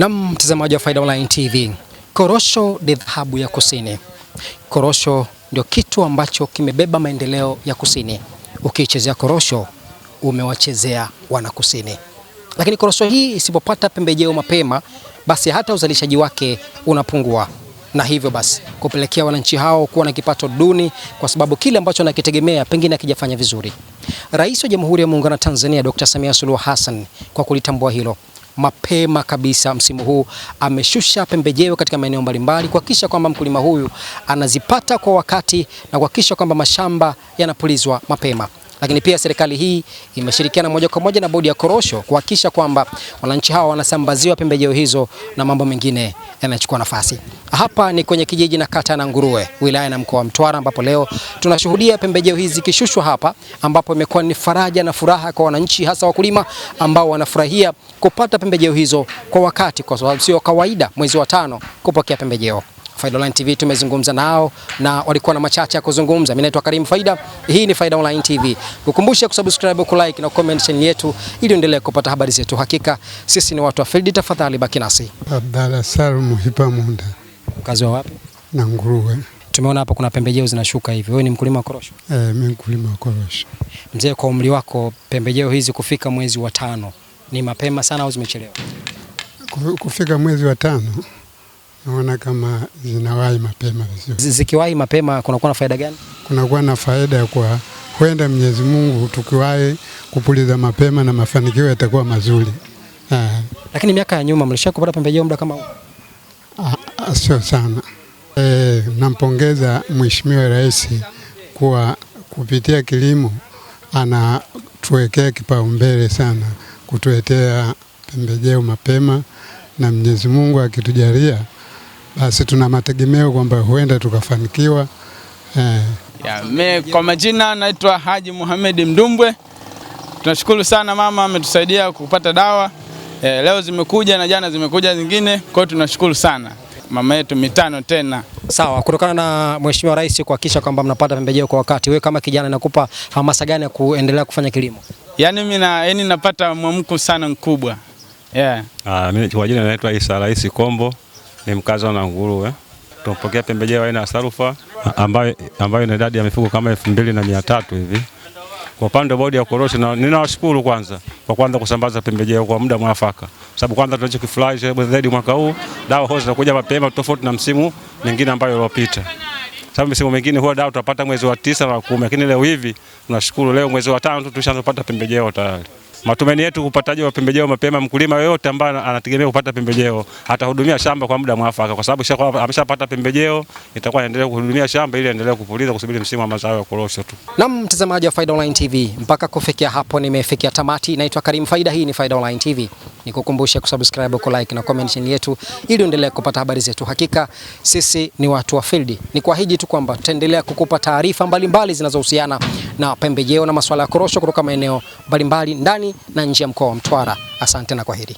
Na mtazamaji wa Faida Online TV, korosho ni dhahabu ya kusini. Korosho ndio kitu ambacho kimebeba maendeleo ya kusini. Ukiichezea korosho umewachezea wanakusini. Lakini korosho hii isipopata pembejeo mapema, basi hata uzalishaji wake unapungua, na hivyo basi kupelekea wananchi hao kuwa na kipato duni, kwa sababu kile ambacho anakitegemea pengine akijafanya vizuri. Rais wa Jamhuri ya Muungano wa Tanzania Dr. Samia Suluhu Hassan kwa kulitambua hilo mapema kabisa msimu huu, ameshusha pembejeo katika maeneo mbalimbali kuhakikisha kwamba mkulima huyu anazipata kwa wakati na kuhakikisha kwamba mashamba yanapulizwa mapema. Lakini pia serikali hii imeshirikiana moja kwa moja na bodi ya korosho kuhakikisha kwamba wananchi hawa wanasambaziwa pembejeo hizo na mambo mengine yanachukua nafasi. Hapa ni kwenye kijiji na kata na Nguruwe, wilaya na mkoa wa Mtwara, ambapo leo tunashuhudia pembejeo hizi zikishushwa hapa, ambapo imekuwa ni faraja na furaha kwa wananchi, hasa wakulima ambao wanafurahia kupata pembejeo hizo kwa wakati, kwa sababu sio kawaida mwezi wa tano kupokea pembejeo. Faida Online TV tumezungumza nao na walikuwa na machache ya kuzungumza. Mimi naitwa Karim Faida, hii ni Faida Online TV. Kukumbusha kusubscribe, ku like na comment channel yetu ili uendelee kupata habari zetu. Hakika sisi ni watu wa field, tafadhali baki nasi. Abdalla Salum Munda, Mkazi wa wapi? Na Nguruwe. Tumeona hapa kuna pembejeo zinashuka hivi. Wewe ni mkulima wa korosho? Eh, mimi mkulima wa korosho. Mzee, kwa umri wako pembejeo hizi kufika mwezi wa tano ni mapema sana au zimechelewa? Kufika mwezi wa tano naona kama zinawahi mapema vizuri. Zikiwahi mapema kunakuwa na faida gani? Kunakuwa na faida kwa huenda Mwenyezi Mungu tukiwahi kupuliza mapema na mafanikio yatakuwa mazuri. Aa. Eh. Lakini miaka ya nyuma mlisha kupata pembejeo muda kama huu? Sio sana. E, nampongeza Mheshimiwa Rais kuwa kupitia kilimo anatuwekea kipaumbele sana kutuletea pembejeo mapema na Mwenyezi Mungu akitujalia basi tuna mategemeo kwamba huenda tukafanikiwa eh. Ya, me, kwa majina naitwa Haji Muhamedi Mdumbwe. Tunashukuru sana mama ametusaidia kupata dawa eh, leo zimekuja na jana zimekuja zingine, kwa hiyo tunashukuru sana mama yetu mitano tena. Sawa, kutokana na Mheshimiwa Rais kuhakikisha kwamba mnapata pembejeo kwa wakati, wewe kama kijana inakupa hamasa gani ya kuendelea kufanya kilimo? Yaani mimi na yani napata mwamko sana mkubwa yeah. Ah, mimi kwa jina naitwa Isa Rais Kombo ni mkazi wa Nangurwe. Eh. Tunapokea pembejeo aina ya sarufa ambayo, ambayo ina idadi ya mifugo kama elfu mbili na mia tatu hivi. Kwa upande wa bodi ya korosho, na ninawashukuru kwanza kwa kwanza kusambaza pembejeo kwa muda mwafaka, sababu kwanza tunachokifurahi zaidi mwaka huu dawa hizo zinakuja mapema, tofauti na msimu mwingine ambayo uliopita sababu msimu mwingine huwa dawa tutapata mwezi wa tisa na kumi, lakini leo hivi tunashukuru, leo mwezi wa tano tushaanza kupata pembejeo tayari. Matumaini yetu upataji wa pembejeo mapema, mkulima yoyote ambaye anategemea kupata pembejeo atahudumia shamba kwa muda mwafaka, kwa sababu ameshapata pembejeo, itakuwa inaendelea kuhudumia shamba ili endelee kupuliza kusubiri msimu wa mazao ya korosho tu. Na mtazamaji wa Faida Online TV, mpaka kufikia hapo nimefikia tamati. Naitwa Karim Faida, hii ni Faida Online TV nikukumbushe kusubscribe, ku like na comment yetu ili uendelee kupata habari zetu. Hakika sisi ni watu wa field, ni kuahidi tu kwamba tutaendelea kukupa taarifa mbalimbali zinazohusiana na pembejeo na masuala ya korosho kutoka maeneo mbalimbali ndani na nje ya mkoa wa Mtwara. Asante na kwaheri.